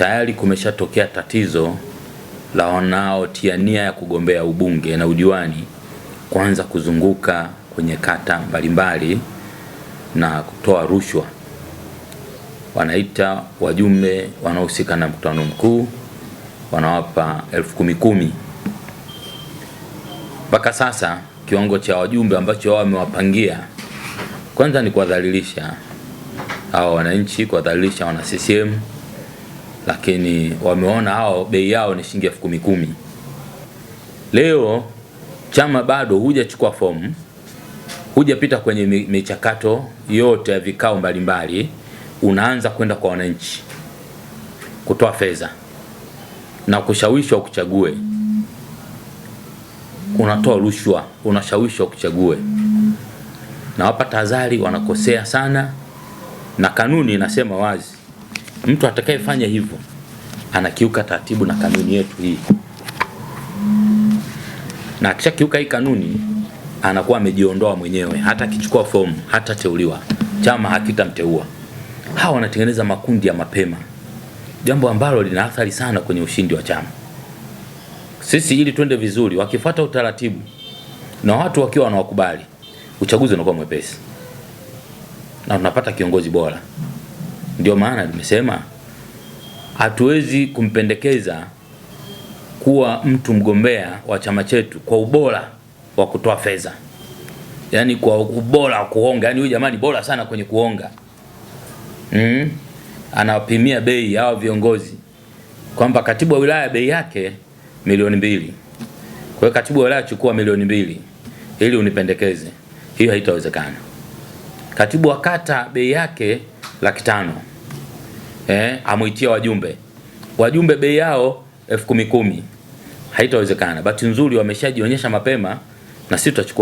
tayari kumeshatokea tatizo la wanaotia nia ya kugombea ubunge na udiwani kuanza kuzunguka kwenye kata mbalimbali na kutoa rushwa. Wanaita wajumbe wanaohusika na mkutano mkuu, wanawapa elfu kumi kumi. Mpaka sasa kiwango cha wajumbe ambacho wao wamewapangia, kwanza ni kuwadhalilisha hawa wananchi, kuwadhalilisha wana CCM lakini wameona hao bei yao ni shilingi elfu kumi kumi. Leo chama bado hujachukua fomu, hujapita kwenye michakato yote ya vikao mbalimbali, unaanza kwenda kwa wananchi kutoa fedha na kushawishwa kuchague, unatoa rushwa, unashawishwa kuchague, na wapa tahadhari, wanakosea sana, na kanuni inasema wazi Mtu atakayefanya hivyo anakiuka taratibu na kanuni yetu hii, na akishakiuka hii kanuni anakuwa amejiondoa mwenyewe. Hata akichukua fomu, hata teuliwa, chama hakitamteua. Hawa wanatengeneza makundi ya mapema, jambo ambalo lina athari sana kwenye ushindi wa chama. Sisi ili twende vizuri, wakifuata utaratibu na watu wakiwa wanawakubali, uchaguzi unakuwa mwepesi na tunapata kiongozi bora. Ndio maana nimesema hatuwezi kumpendekeza kuwa mtu mgombea wa chama chetu kwa ubora wa kutoa fedha, yaani kwa ubora wa kuonga, yaani huyu jamani bora sana kwenye kuonga mm. Anawapimia bei hawa viongozi kwamba katibu wa wilaya bei yake milioni mbili, kwa hiyo katibu wa wilaya chukua milioni mbili ili unipendekeze. Hiyo haitawezekana. Katibu wa kata bei yake laki tano eh, amwitia wajumbe wajumbe, bei yao elfu kumi kumi, haitawezekana. Bahati nzuri wameshajionyesha mapema na sisi tutachukua